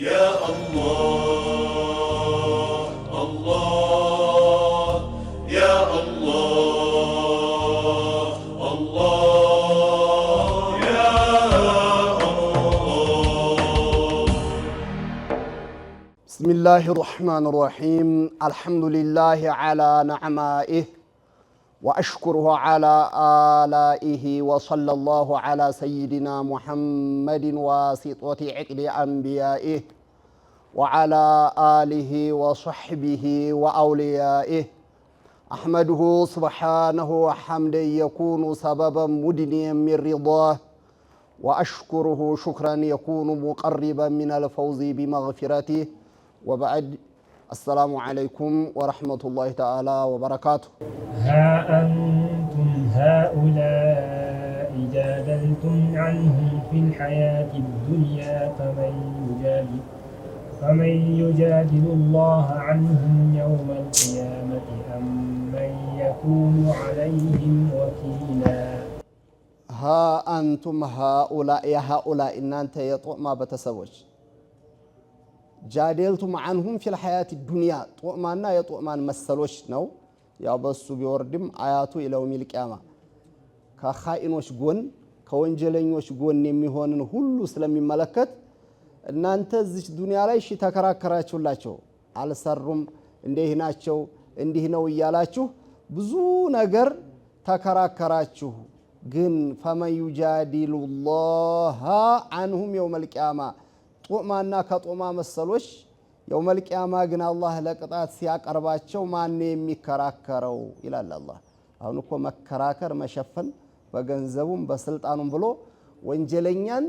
يا الله الله يا الله الله يا الله بسم الله الرحمن الرحيم الحمد لله على نعمائه واشكره على الائه وصلى الله على سيدنا محمد واسطه عقل انبيائه وعلى اله وصحبه واوليائه احمده سبحانه وحمدا يكون سببا مدنيا من رضاه واشكره شكرا يكون مقربا من الفوز بمغفرته وبعد السلام عليكم ورحمة الله تعالى وبركاته ها أنتم هؤلاء جادلتم عنهم في الحياة الدنيا فمن يجادل فمن يجادل الله عنهم يوم القيامة أم من يكون عليهم وكيلا ها أنتم هؤلاء يا هؤلاء إن أنت يطؤ ما بتسوش ጃዴልቱም አንሁም ፊል ሐያት ዱንያ ጦማና የጦማን መሰሎች ነው። ያው በሱ ቢወርድም አያቱ ኢለውሚል ቂያማ ከኻኢኖች ጎን ከወንጀለኞች ጎን የሚሆንን ሁሉ ስለሚመለከት እናንተ እዚች ዱንያ ላይ ሺ ተከራከራችሁላቸው፣ አልሰሩም፣ እንዲህ ናቸው፣ እንዲህ ነው እያላችሁ ብዙ ነገር ተከራከራችሁ። ግን ፈመን ዩጃዲሉ ላሃ አንሁም የውመል ቂያማ ጦማና ከጦማ መሰሎች የውመል ቂያማ ግን አላህ ለቅጣት ሲያቀርባቸው ማን የሚከራከረው ይላል። አላህ አሁን እኮ መከራከር መሸፈን በገንዘቡም በስልጣኑም ብሎ ወንጀለኛን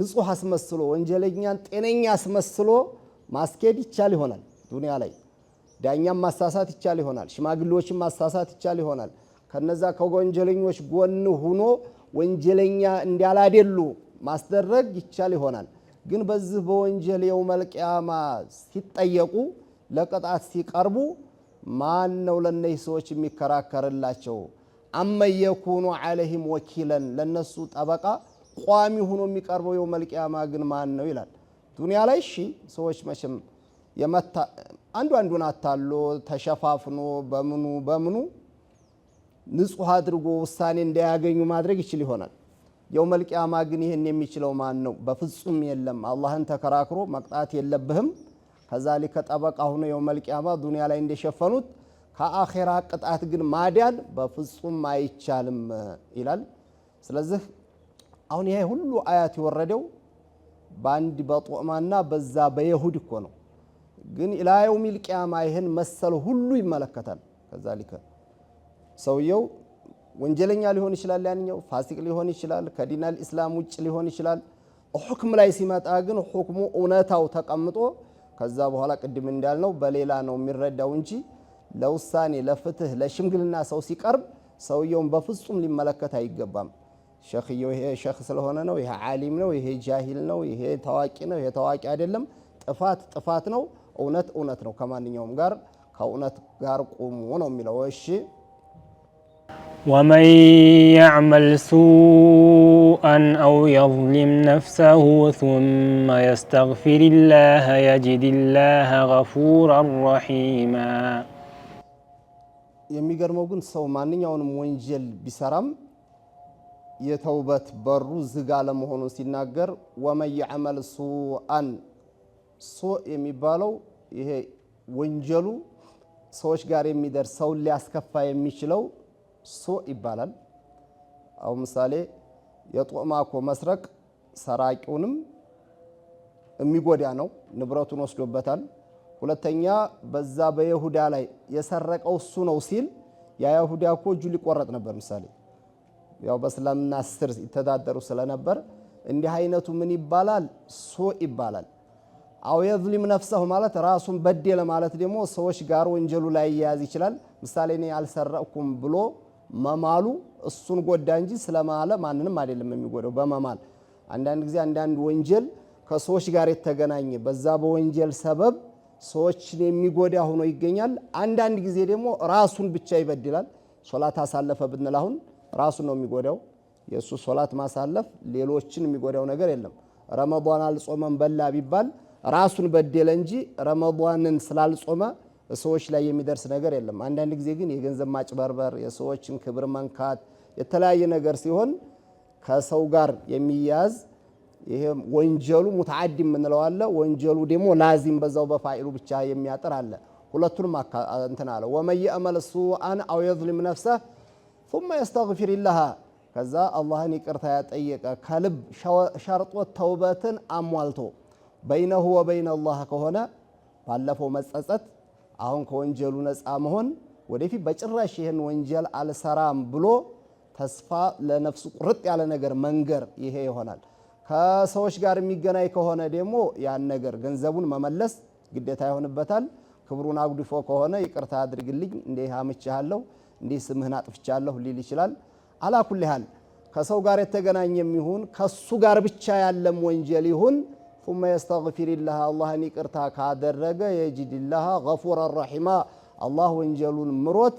ንጹህ አስመስሎ ወንጀለኛን ጤነኛ አስመስሎ ማስኬድ ይቻል ይሆናል። ዱንያ ላይ ዳኛም ማሳሳት ይቻል ይሆናል። ሽማግሌዎችም ማሳሳት ይቻል ይሆናል። ከነዛ ከወንጀለኞች ጎን ሁኖ ወንጀለኛ እንዳላደሉ ማስደረግ ይቻል ይሆናል። ግን በዚህ በወንጀል የው ቂያማ ሲጠየቁ ለቅጣት ሲቀርቡ ማን ነው ለእነዚህ ሰዎች የሚከራከርላቸው? አመ የኩኑ ወኪለን ለነሱ ጠበቃ ቋሚ ሆኖ የሚቀርበው የው መልቅያማ ግን ማን ነው ይላል። ዱንያ ላይ እሺ ሰዎች መቼም አንዱ አንዱን አታሎ ተሸፋፍኖ በምኑ በምኑ ንጹህ አድርጎ ውሳኔ እንዳያገኙ ማድረግ ይችል ይሆናል። የውመል ቂያማ ግን ይህን የሚችለው ማን ነው? በፍጹም የለም። አላህን ተከራክሮ መቅጣት የለብህም። ከዛሊከ ጠበቃ ሁኖ የውመል ቂያማ ዱንያ ላይ እንደሸፈኑት ከአኼራ ቅጣት ግን ማዳን በፍጹም አይቻልም ይላል። ስለዚህ አሁን ይሄ ሁሉ አያት የወረደው በአንድ በጦማና በዛ በየሁድ እኮ ነው። ግን ኢላ የውሚል ቂያማ ይህን መሰል ሁሉ ይመለከታል። ከዛሊከ ሰውየው ወንጀለኛ ሊሆን ይችላል፣ ያንኛው ፋሲቅ ሊሆን ይችላል፣ ከዲናል ኢስላም ውጭ ሊሆን ይችላል። ሁክም ላይ ሲመጣ ግን ሁክሙ እውነታው ተቀምጦ ከዛ በኋላ ቅድም እንዳልነው በሌላ ነው የሚረዳው እንጂ ለውሳኔ ለፍትህ ለሽምግልና ሰው ሲቀርብ ሰውየውን በፍጹም ሊመለከት አይገባም። ሸኽየው ይሄ ሸኽ ስለሆነ ነው፣ ይሄ ዓሊም ነው፣ ይሄ ጃሂል ነው፣ ይሄ ታዋቂ ነው፣ ይሄ ታዋቂ አይደለም። ጥፋት ጥፋት ነው፣ እውነት እውነት ነው። ከማንኛውም ጋር ከእውነት ጋር ቁሙ ነው የሚለው እሺ ومن يعمل سوءا أو يظلم نفسه ثم يستغفر الله يجد الله غفورا رحيما የሚገርመው ግን ሰው ማንኛውንም ወንጀል ቢሰራም የተውበት በሩ ዝጋ ለመሆኑን ሲናገር ወመን ያዕመል ሱአን ሱእ የሚባለው ይሄ ወንጀሉ ሰዎች ጋር የሚደርስ ሰውን ሊያስከፋ የሚችለው ሶ ይባላል። አሁን ምሳሌ የጦማኮ መስረቅ ሰራቂውንም የሚጎዳ ነው፣ ንብረቱን ወስዶበታል። ሁለተኛ በዛ በይሁዳ ላይ የሰረቀው እሱ ነው ሲል ያ ይሁዳ እኮ እጁ ሊቆረጥ ነበር። ምሳሌ ያው በእስልምና ስር ይተዳደሩ ስለነበር እንዲህ አይነቱ ምን ይባላል? ሶ ይባላል። አው የዝሊም ነፍሰሁ ማለት ራሱን በደለ ማለት ደግሞ ሰዎች ጋር ወንጀሉ ላይ ያያዝ ይችላል። ምሳሌ እኔ አልሰረቅኩም ብሎ መማሉ እሱን ጎዳ እንጂ ስለማለ ማንንም አይደለም የሚጎዳው በመማል አንዳንድ ጊዜ አንዳንድ ወንጀል ከሰዎች ጋር የተገናኘ በዛ በወንጀል ሰበብ ሰዎችን የሚጎዳ ሆኖ ይገኛል። አንዳንድ ጊዜ ደግሞ ራሱን ብቻ ይበድላል። ሶላት አሳለፈ ብንል አሁን ራሱን ነው የሚጎዳው። የእሱ ሶላት ማሳለፍ ሌሎችን የሚጎዳው ነገር የለም። ረመዷን አልጾመም በላ ቢባል ራሱን በደለ እንጂ ረመዷንን ስላልጾመ ሰዎች ላይ የሚደርስ ነገር የለም። አንዳንድ ጊዜ ግን የገንዘብ ማጭበርበር፣ የሰዎችን ክብር መንካት፣ የተለያየ ነገር ሲሆን ከሰው ጋር የሚያዝ ይሄ ወንጀሉ ሙትዓዲ የምንለው አለ። ወንጀሉ ደግሞ ላዚም በዛው በፋኢሉ ብቻ የሚያጥር አለ። ሁለቱንም እንትን አለ። ወመን የእመል ሱአን አው የዝሊም ነፍሰህ ሱመ የስተግፊሪላህ ከዛ አላህን ይቅርታ ያጠየቀ ከልብ ሸርጦት ተውበትን አሟልቶ በይነሁ ወበይነ አላህ ከሆነ ባለፈው መጸጸት አሁን ከወንጀሉ ነፃ መሆን ወደፊት በጭራሽ ይህን ወንጀል አልሰራም ብሎ ተስፋ ለነፍሱ ቁርጥ ያለ ነገር መንገር ይሄ ይሆናል። ከሰዎች ጋር የሚገናኝ ከሆነ ደግሞ ያን ነገር ገንዘቡን መመለስ ግዴታ ይሆንበታል። ክብሩን አጉድፎ ከሆነ ይቅርታ አድርግልኝ፣ እንዲህ አምቻለሁ፣ እንዲህ ስምህን አጥፍቻለሁ ሊል ይችላል። አላኩልሃል ከሰው ጋር የተገናኘም ይሁን ከሱ ጋር ብቻ ያለም ወንጀል ይሁን ሱመ የስተግፊሪላህ አላህን ይቅርታ ካደረገ የጅድላህ ገፉረ ረሒማ አላህ ወንጀሉን ምሮት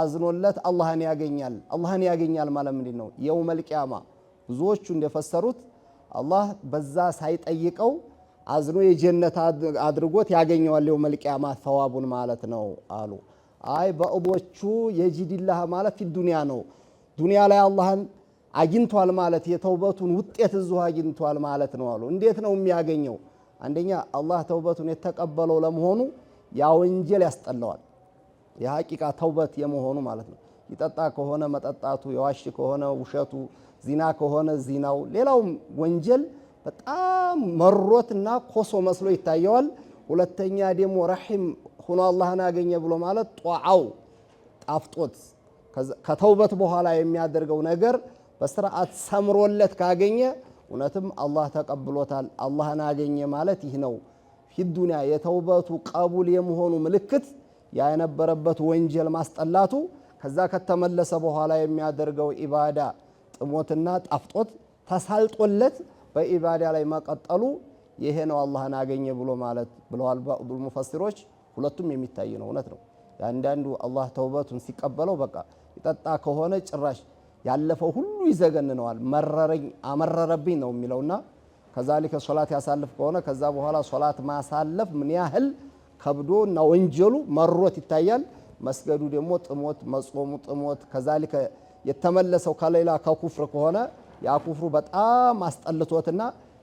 አዝኖለት አላህን ያገኛል። አላህን ያገኛል ማለት ምንድን ነው? የውመል ቂያማ ብዙዎቹ እንደፈሰሩት አላህ በዛ ሳይጠይቀው አዝኖ የጀነት አድርጎት ያገኘዋል የውመል ቂያማ ተዋቡን ማለት ነው አሉ። አይ በእቦቹ የጅድላህ ማለት ፊ ዱንያ ነው ዱንያ ላይ አላህን አግኝቷል ማለት የተውበቱን ውጤት እዚሁ አግኝቷል ማለት ነው አሉ። እንዴት ነው የሚያገኘው? አንደኛ አላህ ተውበቱን የተቀበለው ለመሆኑ ያ ወንጀል ያስጠላዋል። የሐቂቃ ተውበት የመሆኑ ማለት ነው። ይጠጣ ከሆነ መጠጣቱ፣ የዋሽ ከሆነ ውሸቱ፣ ዚና ከሆነ ዚናው፣ ሌላውም ወንጀል በጣም መሮትና ኮሶ መስሎ ይታየዋል። ሁለተኛ ደግሞ ረሒም ሆኖ አላህን አገኘ ብሎ ማለት ጧዓው ጣፍጦት ከተውበት በኋላ የሚያደርገው ነገር በስርዓት ሰምሮለት ካገኘ እውነትም አላህ ተቀብሎታል። አላህን አገኘ ማለት ይህ ነው። ፊዱንያ የተውበቱ ቀቡል የመሆኑ ምልክት ያ የነበረበት ወንጀል ማስጠላቱ ከዛ ከተመለሰ በኋላ የሚያደርገው ኢባዳ ጥሞትና ጣፍጦት ተሳልጦለት በኢባዳ ላይ መቀጠሉ ይሄ ነው አላህን አገኘ ብሎ ማለት ብለዋል ባዕዱል ሙፈሲሮች። ሁለቱም የሚታይ ነው፣ እውነት ነው። የአንዳንዱ አላህ ተውበቱን ሲቀበለው በቃ ይጠጣ ከሆነ ጭራሽ ያለፈው ሁሉ ይዘገንነዋል። መረረኝ አመረረብኝ ነው የሚለውና ከዛሊከ ሶላት ያሳልፍ ከሆነ ከዛ በኋላ ሶላት ማሳለፍ ምን ያህል ከብዶ እና ወንጀሉ መሮት ይታያል። መስገዱ ደግሞ ጥሞት፣ መጾሙ ጥሞት። ከዛሊከ የተመለሰው ከሌላ ከኩፍር ከሆነ ያ ኩፍሩ በጣም አስጠልቶትና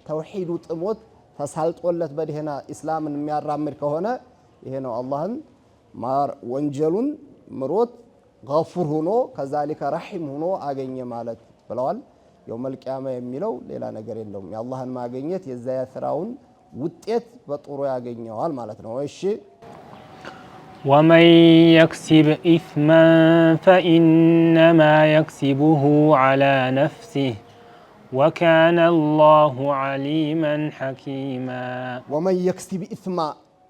ተውሂዱ ጥሞት ተሳልጦለት በደህና ኢስላምን የሚያራምድ ከሆነ ይሄ ነው አላህን ወንጀሉን ምሮት ገፉር ሆኖ ከዛሊከ ረሒም ሁኖ አገኘ ማለት ብለዋል። የውመል ቂያማ የሚለው ሌላ ነገር የለውም። የአላህን ማገኘት የዛ ስራውን ውጤት በጥሩ ያገኘዋል ማለት ነው። እሺ ወመን የክሲብ ኢስመን ፈኢነማ የክሲቡሁ ዐላ ነፍሲህ ወካነ አላሁ ዐሊመን ሐኪማ። ወመን የክሲብ ኢስማ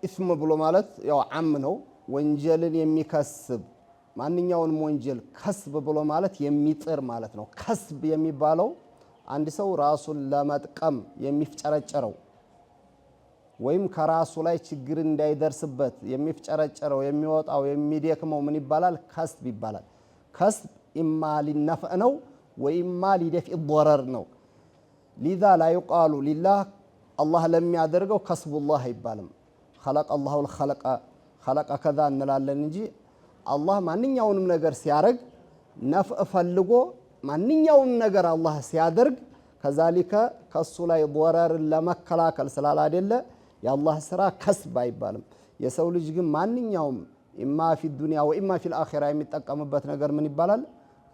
ኢስም ብሎ ማለት ያው ዓም ነው፣ ወንጀልን የሚከስብ ማንኛውንም ወንጀል ከስብ ብሎ ማለት የሚጥር ማለት ነው። ከስብ የሚባለው አንድ ሰው ራሱን ለመጥቀም የሚፍጨረጨረው ወይም ከራሱ ላይ ችግር እንዳይደርስበት የሚፍጨረጨረው የሚወጣው የሚደክመው ምን ይባላል? ከስብ ይባላል። ከስብ ኢማ ሊነፍዕ ነው ወኢማ ሊደፊዕ ዶረር ነው። ሊዛ ላዩቃሉ ዩቃሉ ሊላህ አላህ ለሚያደርገው ከስቡላህ አይባልም። ኸለቀ አላሁ ልኸለቀ ከዛ እንላለን እንጂ አላህ ማንኛውንም ነገር ሲያደርግ ነፍዕ ፈልጎ ማንኛውንም ነገር አላህ ሲያደርግ ከዛሊከ ከሱ ላይ ወረርን ለመከላከል ስላላደለ የአላህ ስራ ከስብ አይባልም። የሰው ልጅ ግን ማንኛውም ኢማ ፊ ዱንያ ወኢማ ፊል አኺራ የሚጠቀምበት ነገር ምን ይባላል?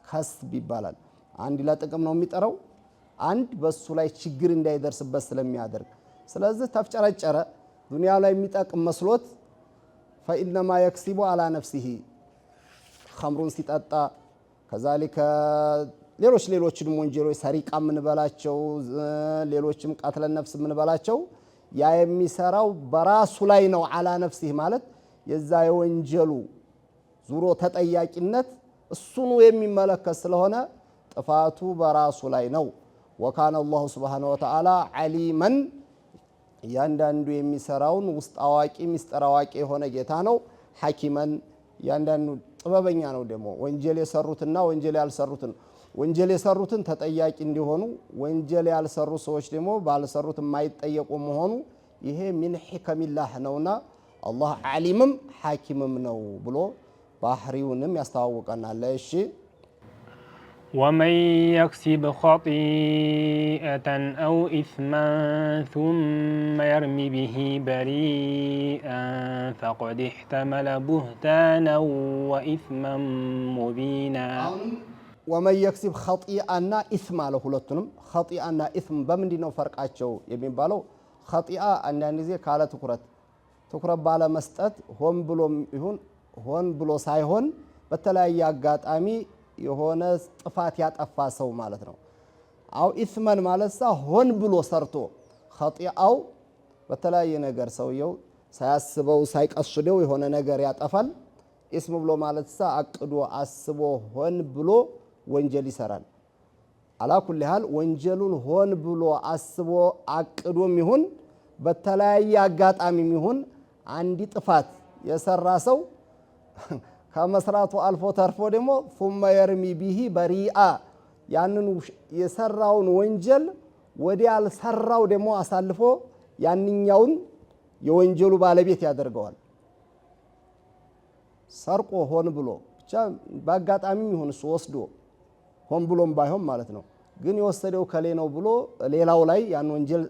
ከስብ ይባላል። አንድ ለጥቅም ነው የሚጠራው፣ አንድ በሱ ላይ ችግር እንዳይደርስበት ስለሚያደርግ። ስለዚህ ተፍጨረጨረ ዱንያ ላይ የሚጠቅም መስሎት ፈኢነማ የክሲቡ አላ ነፍሲሂ ከምሩን ሲጠጣ ከዛሊከ ሌሎች ሌሎችንም ወንጀሎች ሰሪቃ የምንበላቸው ሌሎችም ቀትለ ነፍስ የምንበላቸው ያ የሚሰራው በራሱ ላይ ነው። አላ ነፍሲህ ማለት የዛ የወንጀሉ ዙሮ ተጠያቂነት እሱኑ የሚመለከት ስለሆነ ጥፋቱ በራሱ ላይ ነው። ወካነ አላሁ ሱብሓነሁ ወተዓላ ዓሊመን እያንዳንዱ የሚሰራውን ውስጥ አዋቂ ሚስጥር አዋቂ የሆነ ጌታ ነው። ሐኪመን እያንዳንዱ ጥበበኛ ነው ደግሞ ወንጀል የሰሩትና ወንጀል ያልሰሩትን ወንጀል የሰሩትን ተጠያቂ እንዲሆኑ ወንጀል ያልሰሩ ሰዎች ደግሞ ባልሰሩት የማይጠየቁ መሆኑ ይሄ ሚን ሒከሚላህ ነውና አላህ ዓሊምም ሐኪምም ነው ብሎ ባህሪውንም ያስተዋውቀናል። እሺ ومن يكسب خطيئة أو إثما ثم يرمي به بريئا فقد احتمل بهتانا وإثما مبينا ومن يكسب خطيئة إثما له ሁለቱንም خطيئة إثم በምንድን ነው ፈርቃቸው የሚባለው ኸጢአ አንዳንድ ጊዜ ካለ ትኩረት ትኩረት ባለ መስጠት ሆን ብሎም ይሁን ሆን ብሎ ሳይሆን በተለያየ አጋጣሚ የሆነ ጥፋት ያጠፋ ሰው ማለት ነው። አው ኢስመን ማለት ሳ ሆን ብሎ ሰርቶ ኸጢአው በተለያየ ነገር ሰውየው ሳያስበው ሳይቀስደው የሆነ ነገር ያጠፋል። ኢስም ብሎ ማለት ሳ አቅዶ አስቦ ሆን ብሎ ወንጀል ይሰራል። ኩል ያህል ወንጀሉን ሆን ብሎ አስቦ አቅዶም ይሁን በተለያየ አጋጣሚም ይሁን አንድ ጥፋት የሰራ ሰው ከመስራቱ አልፎ ተርፎ ደግሞ ፉመ የርሚ ቢሂ በሪአ ያንን የሰራውን ወንጀል ወደ ያልሰራው ደግሞ አሳልፎ ያንኛውን የወንጀሉ ባለቤት ያደርገዋል። ሰርቆ ሆን ብሎ ብቻ በአጋጣሚ ይሁን እሱ ወስዶ ሆን ብሎም ባይሆን ማለት ነው። ግን የወሰደው ከሌ ነው ብሎ ሌላው ላይ ያን ወንጀል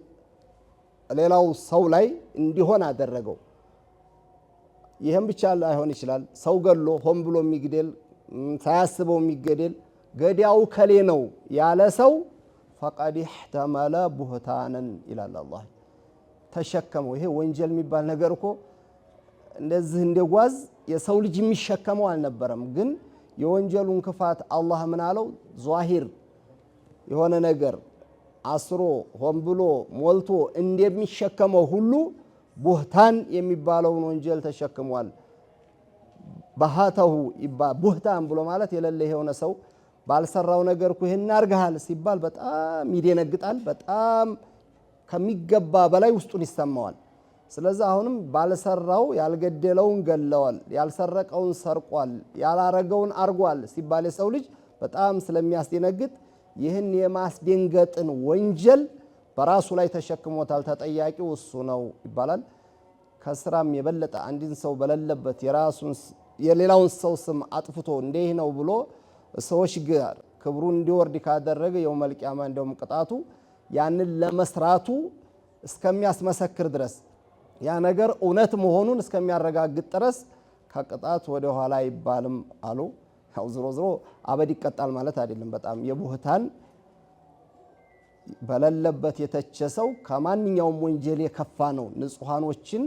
ሌላው ሰው ላይ እንዲሆን አደረገው። ይህም ብቻ ላይሆን ይችላል። ሰው ገሎ ሆን ብሎ የሚግደል ሳያስበው የሚገደል ገዳዩ ከሌ ነው ያለ ሰው ፈቀድ ኢሕተመለ ቡህታነን ይላል አላህ። ተሸከመው ይሄ ወንጀል የሚባል ነገር እኮ እንደዚህ እንደጓዝ የሰው ልጅ የሚሸከመው አልነበረም። ግን የወንጀሉን ክፋት አላህ ምን አለው? ዟሂር የሆነ ነገር አስሮ ሆን ብሎ ሞልቶ እንደሚሸከመው ሁሉ ቡህታን የሚባለውን ወንጀል ተሸክሟል። ባሃተሁ ቡህታን ብሎ ማለት የሌለ የሆነ ሰው ባልሰራው ነገር እኮ ይህን አርግሃል ሲባል በጣም ይደነግጣል። በጣም ከሚገባ በላይ ውስጡን ይሰማዋል። ስለዚህ አሁንም ባልሰራው ያልገደለውን ገለዋል፣ ያልሰረቀውን ሰርቋል፣ ያላረገውን አርጓል ሲባል የሰው ልጅ በጣም ስለሚያስደነግጥ ይህን የማስደንገጥን ወንጀል በራሱ ላይ ተሸክሞታል፣ ተጠያቂው እሱ ነው ይባላል። ከስራም የበለጠ አንድን ሰው በሌለበት የሌላውን ሰው ስም አጥፍቶ እንዲህ ነው ብሎ ሰዎች ጋር ክብሩ እንዲወርድ ካደረገ መልቂያማ እንደውም ቅጣቱ ያንን ለመስራቱ እስከሚያስመሰክር ድረስ ያ ነገር እውነት መሆኑን እስከሚያረጋግጥ ድረስ ከቅጣት ወደ ኋላ አይባልም አሉ። ያው ዝሮ ዝሮ አበድ ይቀጣል ማለት አይደለም። በጣም የቡህታን በሌለበት የተቸ ሰው ከማንኛውም ወንጀል የከፋ ነው። ንጹሐኖችን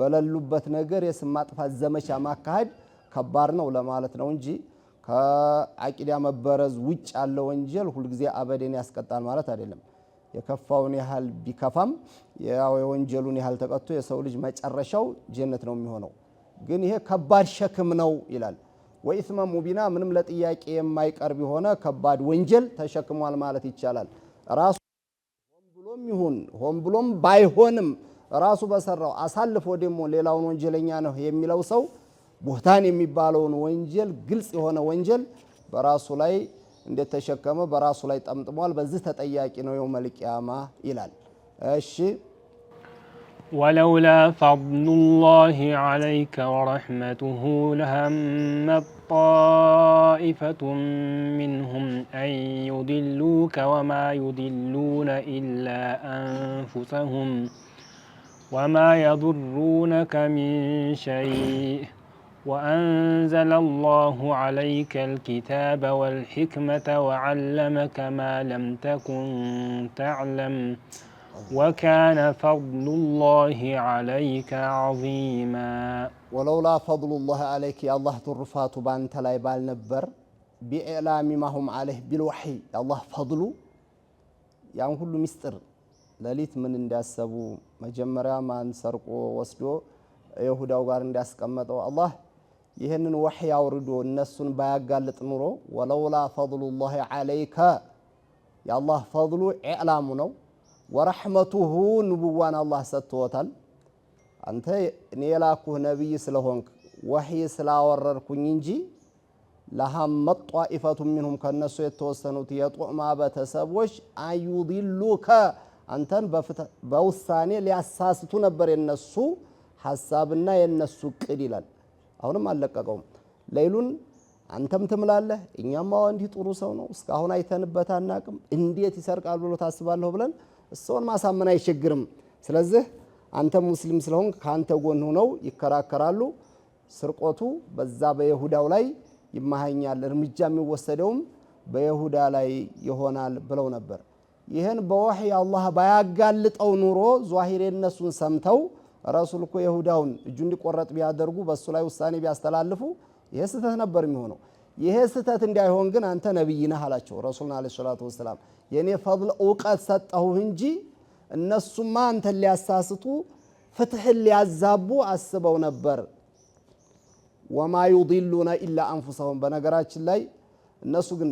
በሌሉበት ነገር የስም ማጥፋት ዘመቻ ማካሄድ ከባድ ነው ለማለት ነው እንጂ ከአቂዳ መበረዝ ውጭ ያለ ወንጀል ሁልጊዜ አበዴን ያስቀጣል ማለት አይደለም። የከፋውን ያህል ቢከፋም ያው የወንጀሉን ያህል ተቀጥቶ የሰው ልጅ መጨረሻው ጀነት ነው የሚሆነው። ግን ይሄ ከባድ ሸክም ነው ይላል። ወኢስመ ሙቢና ምንም ለጥያቄ የማይቀርብ የሆነ ከባድ ወንጀል ተሸክሟል ማለት ይቻላል ራሱ ብሎም ይሁን ሆን ብሎም ባይሆንም ራሱ በሰራው አሳልፎ ደግሞ ሌላውን ወንጀለኛ ነው የሚለው ሰው ቡህታን የሚባለውን ወንጀል ግልጽ የሆነ ወንጀል በራሱ ላይ እንደተሸከመ በራሱ ላይ ጠምጥሟል። በዚህ ተጠያቂ ነው የው ቂያማ ይላል። እሺ ወለውላ ፈድሉላሂ ዐለይከ ወረሕመቱሁ ለሀመ طائفة منهم أن يضلوك وما يضلون إلا أنفسهم وما يضرونك من شيء وأنزل الله عليك الكتاب والحكمة وعلمك ما لم تكن تعلم ወካነ ፈድሉላሂ ዓለይከ ዓዚማ ወለውላ ፈድሉላሂ ዓለይክ የአላህ ትሩፋቱ በአንተ ላይ ባልነበር ቢዕላሚ ማሁም ዓለይህ ቢልዋሕይ የአላህ ፈድሉ ያን ሁሉ ሚስጥር ለሊት ምን እንዳሰቡ መጀመሪያ ማን ሰርቆ ወስዶ የሁዳው ጋር እንዳስቀመጠው አላህ ይህንን ወሕይ አውርዶ እነሱን ባያጋልጥ ኑሮ ወለውላ ፈድሉላሂ ዓለይከ የአላህ ፈድሉ ኤዕላሙ ነው ወረሕመቱሁ ንቡዋን አላህ ሰጥቶታል። አንተ እኔ የላኩህ ነቢይ ስለሆንክ ወሕይ ስላወረርኩኝ እንጂ ለሐመት ጧኢፈቱ ሚንሁም ከነሱ የተወሰኑት የጦዕማ ቤተሰቦች አዩዲሉከ አንተን በውሳኔ ሊያሳስቱ ነበር የነሱ ሀሳብና የነሱ ቅድ ይላል። አሁንም አልለቀቀውም ለይሉን አንተም ትምላለህ። እኛማ እንዲህ ጥሩ ሰው ነው እስካሁን አይተንበት አናቅም። እንዴት ይሰርቃል ብሎ ታስባለሁ ብለን እሰውን ማሳመን አይቸግርም። ስለዚህ አንተ ሙስሊም ስለሆን ከአንተ ጎን ሆነው ይከራከራሉ። ስርቆቱ በዛ በይሁዳው ላይ ይማሃኛል እርምጃ የሚወሰደውም በይሁዳ ላይ ይሆናል ብለው ነበር። ይህን በወህ አላህ ባያጋልጠው ኑሮ ዟሂር የነሱን ሰምተው ረሱል እኮ ይሁዳውን እጁ እንዲቆረጥ ቢያደርጉ በእሱ ላይ ውሳኔ ቢያስተላልፉ ይህ ስህተት ነበር የሚሆነው። ይሄ ስህተት እንዳይሆን ግን አንተ ነቢይ ነህ አላቸው። ረሱልና ዓለይሂ ሰላቱ ወሰላም የእኔ ፈብል እውቀት ሰጠሁህ እንጂ እነሱማ አንተን ሊያሳስቱ ፍትሕን ሊያዛቡ አስበው ነበር። ወማ ዩዲሉነ ኢላ አንፉሰሁም። በነገራችን ላይ እነሱ ግን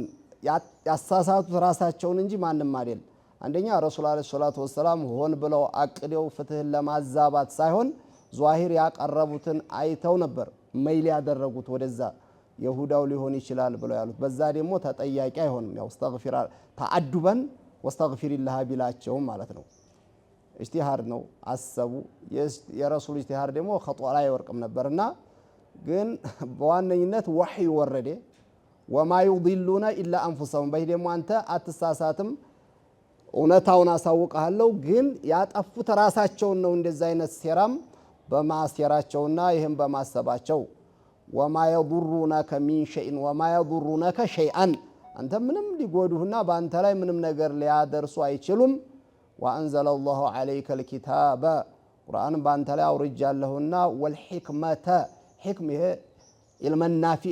ያሳሳቱት ራሳቸውን እንጂ ማንም አይደል። አንደኛ ረሱል ዓለይሂ ሰላቱ ወሰላም ሆን ብለው አቅደው ፍትህን ለማዛባት ሳይሆን ዟሂር ያቀረቡትን አይተው ነበር መይል ያደረጉት ወደዛ የሁዳው ሊሆን ይችላል ብለው ያሉት በዛ ደግሞ ተጠያቂ አይሆንም። ያው ተአዱበን ወስተግፊሪላሃ ቢላቸውም ማለት ነው። እጅቲሃድ ነው አሰቡ። የረሱሉ እጅቲሃድ ደግሞ ከጦ ላይ አይወርቅም ነበርና ግን በዋነኝነት ወሕይ ወረደ። ወማ ዩዲሉነ ኢላ አንፉሰሁም። በዚህ ደግሞ አንተ አትሳሳትም፣ እውነታውን አሳውቀሃለሁ። ግን ያጠፉት ራሳቸውን ነው እንደዚ አይነት ሴራም በማሴራቸውና ይህም በማሰባቸው ወማ የዱሩነከ ሚን ሸይን ወማ የዱሩነከ ሸይአን አንተ ምንም ሊጎዱህና በአንተ ላይ ምንም ነገር ሊያደርሱ አይችሉም። ወአንዘለ ላሁ ዓለይከ ልኪታበ ቁርአንን በአንተ ላይ አውርጃለሁና ወልሕክመተ ሕክም ይሄ ኢልመናፊ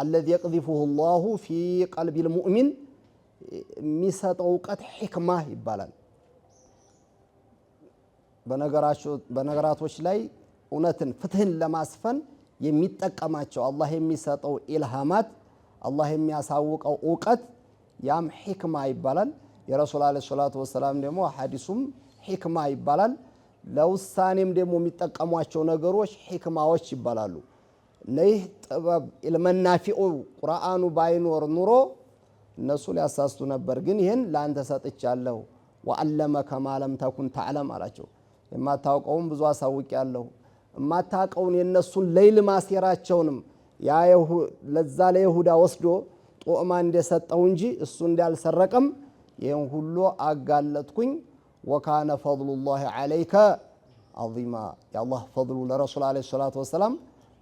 አለዚ የቅዚፉሁ ላሁ ፊ ቀልቢ ልሙእሚን የሚሰጠው እውቀት ሕክማ ይባላል። በነገራቶች ላይ እውነትን ፍትህን ለማስፈን የሚጠቀማቸው አላህ የሚሰጠው ኢልሃማት አላህ የሚያሳውቀው እውቀት ያም ሂክማ ይባላል። የረሱል አለ ሰላቱ ወሰላም ደግሞ ሐዲሱም ሂክማ ይባላል። ለውሳኔም ደግሞ የሚጠቀሟቸው ነገሮች ሂክማዎች ይባላሉ። ነይህ ጥበብ ኢልመናፊኡ ቁርአኑ ባይኖር ኑሮ እነሱ ሊያሳስቱ ነበር። ግን ይህን ለአንተ ሰጥቻለሁ። ወአለመከ ማ ተኩን ተዕለም አላቸው። የማታውቀውም ብዙ አሳውቅ ያለሁ የማታቀውን የእነሱን ለይል ማሴራቸውንም ለዛ ለይሁዳ ወስዶ ጦማ እንደሰጠው እንጂ እሱ እንዳልሰረቀም ይህን ሁሉ አጋለጥኩኝ። ወካነ ፈድሉላሂ ዓለይከ አዚማ የአላህ ፈድሉ ለረሱል ዓለይሂ ሰላቱ ወሰላም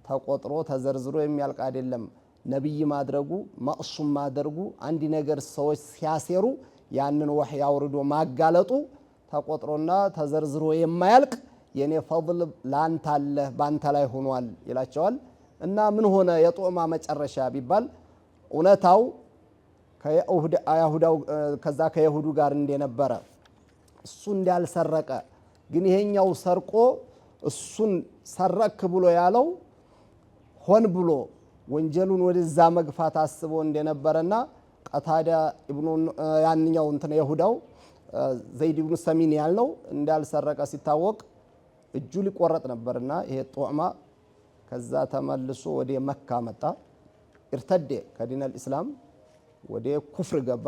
ተቆጥሮ ተዘርዝሮ የሚያልቅ አይደለም። ነቢይ ማድረጉ መቅሱም ማድረጉ አንድ ነገር ሰዎች ሲያሴሩ ያንን ወሕይ አውርዶ ማጋለጡ ተቆጥሮና ተዘርዝሮ የማያልቅ የእኔ ፈضል ላንተ አለ ባንተ ላይ ሆኗል ይላቸዋል። እና ምን ሆነ የጦማ መጨረሻ ቢባል እውነታው ከዛ ከየሁዱ ጋር እንደነበረ እሱ እንዳልሰረቀ ግን ይሄኛው ሰርቆ እሱን ሰረክ ብሎ ያለው ሆን ብሎ ወንጀሉን ወደዛ መግፋት አስቦ እንደነበረና ቀታዳ ኢብኑ ያንኛው እንትን የሁዳው ዘይድ ኢብኑ ሰሚን ያልነው እንዳልሰረቀ ሲታወቅ እጁ ሊቆረጥ ነበርና ይሄ ጦዕማ ከዛ ተመልሶ ወደ መካ መጣ። ኢርተዴ ከዲነል ኢስላም ወደ ኩፍር ገባ።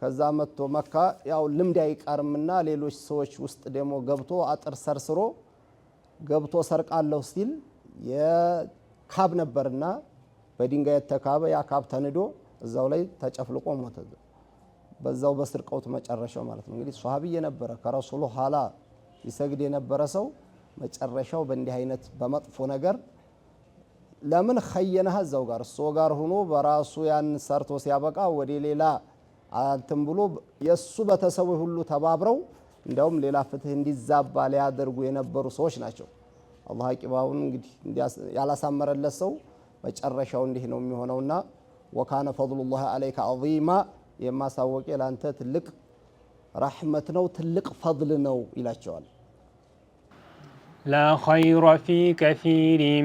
ከዛ መጥቶ መካ ያው ልምድ አይቀርምና ሌሎች ሰዎች ውስጥ ደግሞ ገብቶ አጥር ሰርስሮ ገብቶ ሰርቃለሁ ሲል የካብ ነበርና በድንጋይ የተካበ ያ ካብ ተንዶ እዛው ላይ ተጨፍልቆ ሞተ። በዛው በስርቀውት መጨረሻው ማለት ነው። እንግዲህ ሶሃቢ የነበረ ከረሱሉ ኋላ ይሰግድ የነበረ ሰው መጨረሻው በእንዲህ አይነት በመጥፎ ነገር ለምን ኸየነህ እዛው ጋር እሶ ጋር ሆኖ በራሱ ያን ሰርቶ ሲያበቃ ወደ ሌላ አንትን ብሎ የእሱ ቤተሰቦች ሁሉ ተባብረው እንዲያውም ሌላ ፍትህ እንዲዛባ ሊያደርጉ የነበሩ ሰዎች ናቸው። አላህ አቂባውን እንግዲህ ያላሳመረለት ሰው መጨረሻው እንዲህ ነው የሚሆነውና ወካነ ፈድሉላህ አለይከ ዐዚማ የማሳወቄ ለአንተ ትልቅ ረሕመት ነው፣ ትልቅ ፈድል ነው ይላቸዋል። لا خير في كثير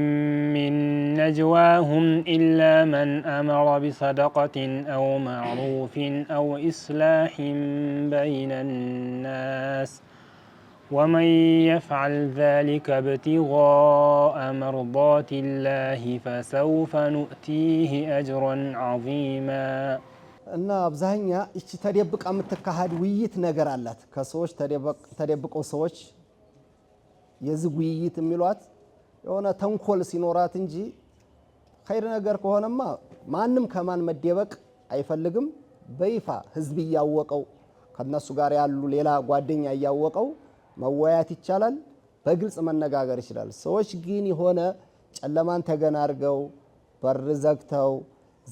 من نجواهم إلا من أمر بصدقة أو معروف أو إصلاح بين الناس ومن يفعل ذلك ابتغاء مرضات الله فسوف نؤتيه أجرا عظيما እና አብዛኛ تربك أم የምትካሄድ ውይይት ነገር كسوش تربك تربك ሰዎች የዝግ ውይይት የሚሏት የሆነ ተንኮል ሲኖራት እንጂ ኸይር ነገር ከሆነማ ማንም ከማን መደበቅ አይፈልግም። በይፋ ህዝብ እያወቀው ከነሱ ጋር ያሉ ሌላ ጓደኛ እያወቀው መወያየት ይቻላል። በግልጽ መነጋገር ይችላል። ሰዎች ግን የሆነ ጨለማን ተገን አድርገው በር ዘግተው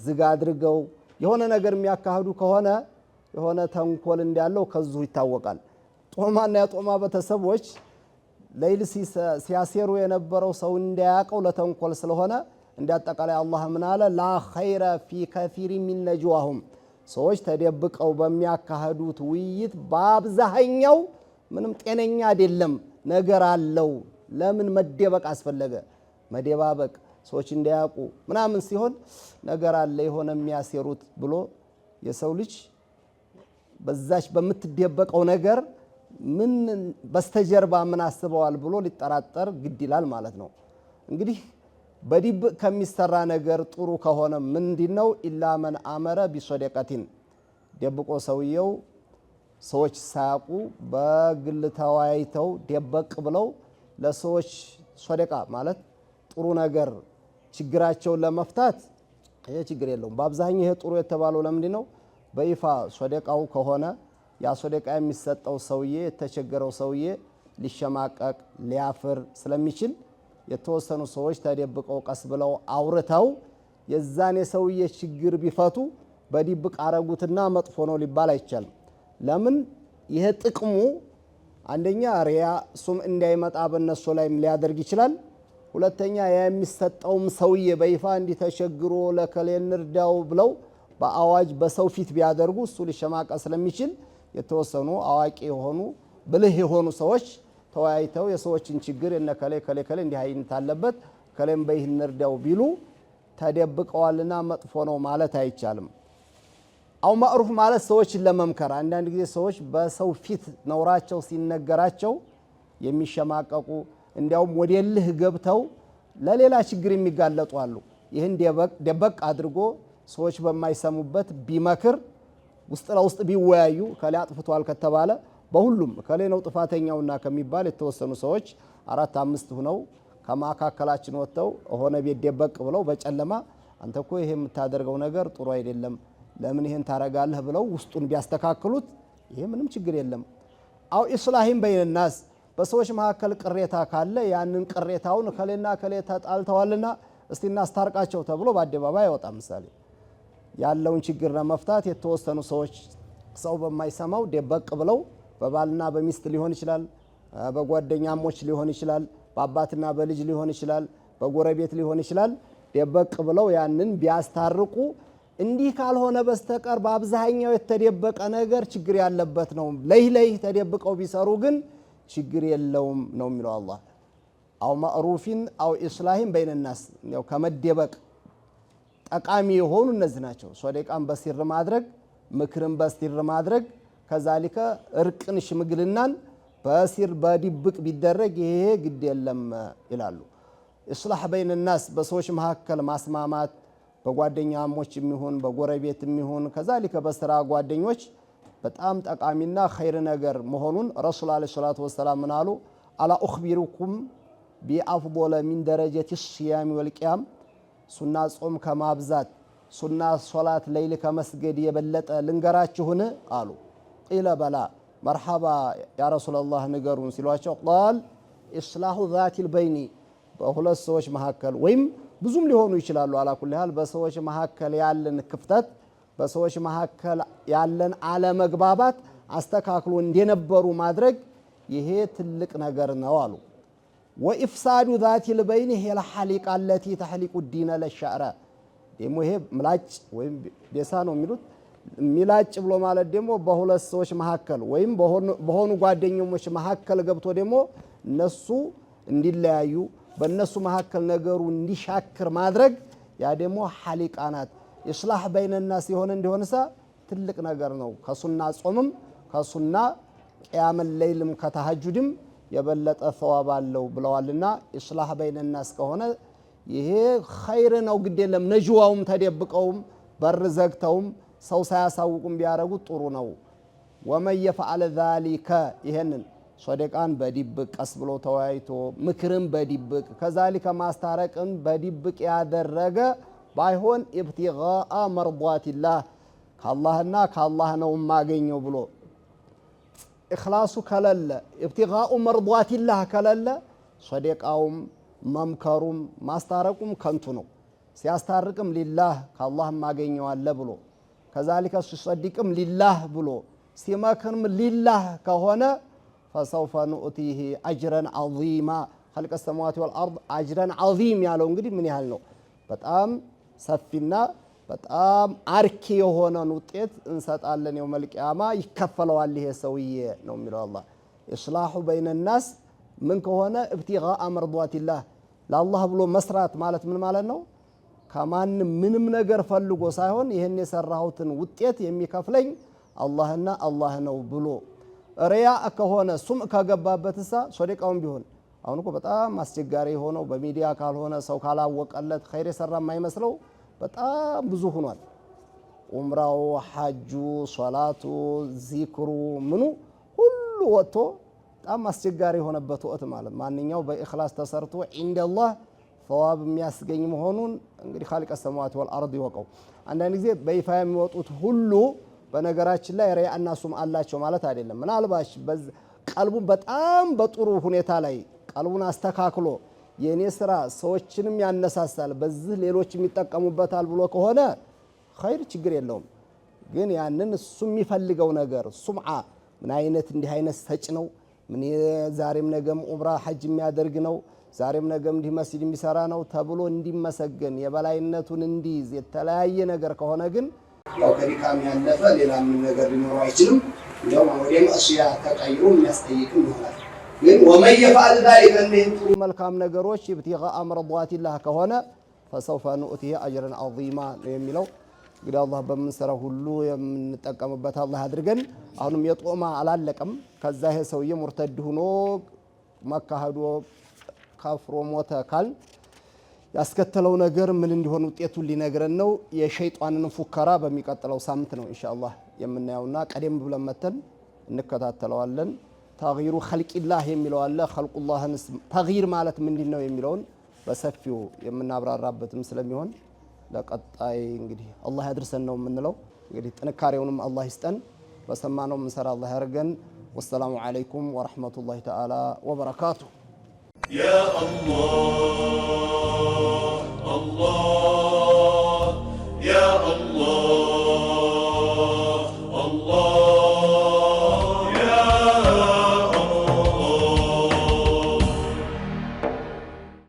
ዝግ አድርገው የሆነ ነገር የሚያካሂዱ ከሆነ የሆነ ተንኮል እንዳለው ከዙ ይታወቃል። ጦማና የጦማ ቤተሰቦች ለይል ሲያሴሩ የነበረው ሰው እንዳያቀው ለተንኮል ስለሆነ እንዳጠቃላይ አላህ ምን አለ? ላ ኸይረ ፊ ከፊሪ ሚን ነጅዋሁም ሰዎች ተደብቀው በሚያካሂዱት ውይይት በአብዛኛው ምንም ጤነኛ አይደለም ነገር አለው። ለምን መደበቅ አስፈለገ? መደባበቅ ሰዎች እንዳያውቁ ምናምን ሲሆን ነገር አለ የሆነ የሚያሴሩት ብሎ የሰው ልጅ በዛች በምትደበቀው ነገር ምን በስተጀርባ ምን አስበዋል ብሎ ሊጠራጠር ግድ ይላል ማለት ነው። እንግዲህ በድብቅ ከሚሰራ ነገር ጥሩ ከሆነ ምንድን ነው? ኢላ መን አመረ ቢሶደቀቲን ደብቆ ሰውየው ሰዎች ሳያውቁ በግል ተወያይተው ደበቅ ብለው ለሰዎች ሶደቃ ማለት ጥሩ ነገር ችግራቸውን ለመፍታት ይሄ ችግር የለውም። በአብዛኛው ይሄ ጥሩ የተባለው ለምንድን ነው? በይፋ ሶደቃው ከሆነ ያሶደቃ የሚሰጠው ሰውዬ የተቸገረው ሰውዬ ሊሸማቀቅ ሊያፍር ስለሚችል የተወሰኑ ሰዎች ተደብቀው ቀስ ብለው አውርተው የዛን የሰውዬ ችግር ቢፈቱ በድብቅ አረጉትና መጥፎ ነው ሊባል አይቻልም። ለምን? ይሄ ጥቅሙ አንደኛ ሪያ ሱም እንዳይመጣ በእነሱ ላይም ሊያደርግ ይችላል። ሁለተኛ ያ የሚሰጠውም ሰውዬ በይፋ እንዲተቸግሮ ለከሌ እንርዳው ብለው በአዋጅ በሰው ፊት ቢያደርጉ እሱ ሊሸማቀቅ ስለሚችል የተወሰኑ አዋቂ የሆኑ ብልህ የሆኑ ሰዎች ተወያይተው የሰዎችን ችግር የነ ከሌ ከሌ ከሌ እንዲህ አይነት አለበት ከሌም በይህ እንርዳው ቢሉ ተደብቀዋልና መጥፎ ነው ማለት አይቻልም። አው ማዕሩፍ ማለት ሰዎችን ለመምከር አንዳንድ ጊዜ ሰዎች በሰው ፊት ነውራቸው ሲነገራቸው የሚሸማቀቁ እንዲያውም ወደልህ ገብተው ለሌላ ችግር የሚጋለጡ አሉ። ይህን ደበቅ አድርጎ ሰዎች በማይሰሙበት ቢመክር ውስጥ ለውስጥ ቢወያዩ ከላይ አጥፍቷል ከተባለ በሁሉም ከሌ ነው ጥፋተኛውና ከሚባል የተወሰኑ ሰዎች አራት አምስት ሆነው ከመካከላችን ወጥተው ሆነ ቤት ደበቅ ብለው በጨለማ አንተ እኮ ይሄ የምታደርገው ነገር ጥሩ አይደለም፣ ለምን ይሄን ታረጋለህ ብለው ውስጡን ቢያስተካክሉት ይሄ ምንም ችግር የለም። አው ኢስላሂም በይንናስ በሰዎች መካከል ቅሬታ ካለ ያንን ቅሬታውን ከሌና ከሌ ተጣልተዋልና እስቲ እናስታርቃቸው ተብሎ በአደባባይ አይወጣም ምሳሌ ያለውን ችግር ለመፍታት የተወሰኑ ሰዎች ሰው በማይሰማው ደበቅ ብለው በባልና በሚስት ሊሆን ይችላል፣ በጓደኛሞች ሊሆን ይችላል፣ በአባትና በልጅ ሊሆን ይችላል፣ በጎረቤት ሊሆን ይችላል። ደበቅ ብለው ያንን ቢያስታርቁ እንዲህ ካልሆነ በስተቀር በአብዛኛው የተደበቀ ነገር ችግር ያለበት ነው። ለይህ ለይህ ተደብቀው ቢሰሩ ግን ችግር የለውም ነው የሚለው አላህ። አው ማዕሩፊን አው ኢስላሂን በይነናስ ከመደበቅ ጠቃሚ የሆኑ እነዚህ ናቸው። ሶደቃን በሲር ማድረግ፣ ምክርን በሲር ማድረግ፣ ከዛሊከ እርቅን ሽምግልናን በሲር በድብቅ ቢደረግ ይሄ ግድ የለም ይላሉ። እስላህ በይን ናስ በሰዎች መካከል ማስማማት በጓደኛሞች የሚሆን በጎረቤት የሚሆን ከዛሊከ በስራ ጓደኞች በጣም ጠቃሚና ኸይር ነገር መሆኑን ረሱል ዓለይሂ ሰላቱ ወሰላም ምናሉ አላ ኡኽቢሩኩም ቢአፍቦለ ሚን ደረጀት ሲያሚ ወልቅያም ሱና ጾም ከማብዛት ሱና ሶላት ለይል ከመስገድ የበለጠ ልንገራችሁን አሉ። ቂለ በላ መርሓባ ያ ረሱላላህ ንገሩን ሲሏቸው ቃል ኢስላሁ ዛቲል በይኒ በሁለት ሰዎች መካከል ወይም ብዙም ሊሆኑ ይችላሉ። አላኩል ያህል በሰዎች መካከል ያለን ክፍተት በሰዎች መካከል ያለን አለመግባባት አስተካክሎ እንደነበሩ ማድረግ ይሄ ትልቅ ነገር ነው አሉ። ወኢፍሳዱ ዛቲ ልበይን ሄልሐሊቃ አለቲ ተሕሊቁ ዲነ ለሻዕረ ደግሞ ይሄ ምላጭ ወይም ቤሳ ነው የሚሉት። ሚላጭ ብሎ ማለት ደግሞ በሁለት ሰዎች መካከል ወይም በሆኑ ጓደኞች መካከል ገብቶ ደግሞ እነሱ እንዲለያዩ በእነሱ መካከል ነገሩ እንዲሻክር ማድረግ ያ ደግሞ ሐሊቃ ናት። ኢስላሕ በይነና ሲሆን እንዲሆንሳ ትልቅ ነገር ነው። ከሱና ጾምም ከሱና ቅያመን ለይልም ከተሃጁድም የበለጠ ሰዋብ አለው ብለዋልና ኢስላህ በይነናስ ከሆነ ይሄ ኸይር ነው። ግድ የለም ነጅዋውም ተደብቀውም በር ዘግተውም ሰው ሳያሳውቁም ቢያደረጉት ጥሩ ነው። ወመን የፈዓለ ዛሊከ ይሄንን ሶደቃን በዲብቅ ቀስ ብሎ ተወያይቶ ምክርን በዲብቅ ከዛሊከ ማስታረቅን በዲብቅ ያደረገ ባይሆን ኢብቲጋአ መርዳቲላህ ካላህና ከአላህ ነው ማገኘው ብሎ እክላሱ ከለለ ኢብቲቃኡ መርዷቲላህ ከለለ ሰደቃውም መምከሩም ማስታረቁም ከንቱ ነው። ሲያስታርቅም ሊላህ ከአላህ ማገኘዋለ ብሎ ከዛሊከ ሲሰዲቅም ሊላህ ብሎ ሲመክርም ሊላህ ከሆነ ፈሰውፈ ኑእቲህ አጅረን ዐዚማ ኸልቀ ሰማዋት ወልአርድ አጅረን ዐዚም ያለው እንግዲህ ምን ያህል ነው? በጣም ሰፊና በጣም አርኪ የሆነን ውጤት እንሰጣለን። የውመል ቂያማ ይከፈለዋል ይሄ ሰውዬ ነው የሚለው አላህ። ኢስላሑ በይነ ናስ ምን ከሆነ እብቲጋአ መርዷቲላህ ለአላህ ብሎ መስራት ማለት ምን ማለት ነው? ከማንም ምንም ነገር ፈልጎ ሳይሆን ይህን የሰራሁትን ውጤት የሚከፍለኝ አላህና አላህ ነው ብሎ ሪያ ከሆነ ሱም ከገባበትሳ ሶደቃውም ቢሆን አሁን እኮ በጣም አስቸጋሪ የሆነው በሚዲያ ካልሆነ ሰው ካላወቀለት ኸይር የሰራ የማይመስለው በጣም ብዙ ሆኗል። ኡምራው፣ ሐጁ፣ ሶላቱ፣ ዚክሩ ምኑ ሁሉ ወጥቶ በጣም አስቸጋሪ የሆነበት ወቅት ማለት ማንኛው በእኽላስ ተሰርቶ ኢንደላህ ሰዋብ የሚያስገኝ መሆኑን እንግዲህ ኻሊቀ ሰማዋት ወልአርድ ይወቀው። አንዳንድ ጊዜ በይፋ የሚወጡት ሁሉ በነገራችን ላይ ረያ እናሱም ሱም አላቸው ማለት አይደለም። ምናልባሽ ቀልቡን በጣም በጥሩ ሁኔታ ላይ ቀልቡን አስተካክሎ የእኔ ስራ ሰዎችንም ያነሳሳል፣ በዚህ ሌሎችም ይጠቀሙበታል ብሎ ከሆነ ኸይር ችግር የለውም። ግን ያንን እሱ የሚፈልገው ነገር ሱምዓ ምን አይነት እንዲህ አይነት ሰጭ ነው፣ ምን ዛሬም ነገም ኡምራ ሐጅ የሚያደርግ ነው፣ ዛሬም ነገም እንዲህ መስጂድ የሚሰራ ነው ተብሎ እንዲመሰገን የበላይነቱን እንዲይዝ የተለያየ ነገር ከሆነ ግን ያው ከዲካም ያለፈ ሌላ ምን ነገር ሊኖረው አይችልም። እንዲያውም ወደ መእስያ ተቀይሮ የሚያስጠይቅም ይሆናል። ግን ወመን ዛሊከ መልካም ነገሮች ኢብቲጋአ መርዳቲላህ ከሆነ ፈሰውፈ ኑእቲሂ አጅረን ዐዚማ ነው የሚለው። እንግዲህ አላህ በምንሰራው ሁሉ የምንጠቀምበት አላህ አድርገን። አሁንም የጦማ አላለቀም። ከዛ ይሄ ሰውዬ ሙርተድ ሁኖ መካሄዶ ሄዶ ከፍሮ ሞተ ካልን ያስከተለው ነገር ምን እንዲሆን ውጤቱን ሊነግረን ነው። የሸይጣንን ፉከራ በሚቀጥለው ሳምንት ነው ኢንሻአላህ የምናየውና ቀደም ብለን መተን እንከታተለዋለን። ተግይሩ ኸልቂላህ የሚለው አለ። ኸልቁላህን ተግይር ማለት ምንድን ነው የሚለውን በሰፊው የምናብራራበትም ስለሚሆን ለቀጣይ እንግዲህ አላህ ያድርሰን ነው የምንለው። እንግዲህ ጥንካሬውንም አላህ ይስጠን፣ በሰማነው ምንሰራ አላህ ያደርገን። ወሰላሙ ዓለይኩም ወረሕመቱላሂ ተዓላ ወበረካቱ። ያ አላህ ያ አላህ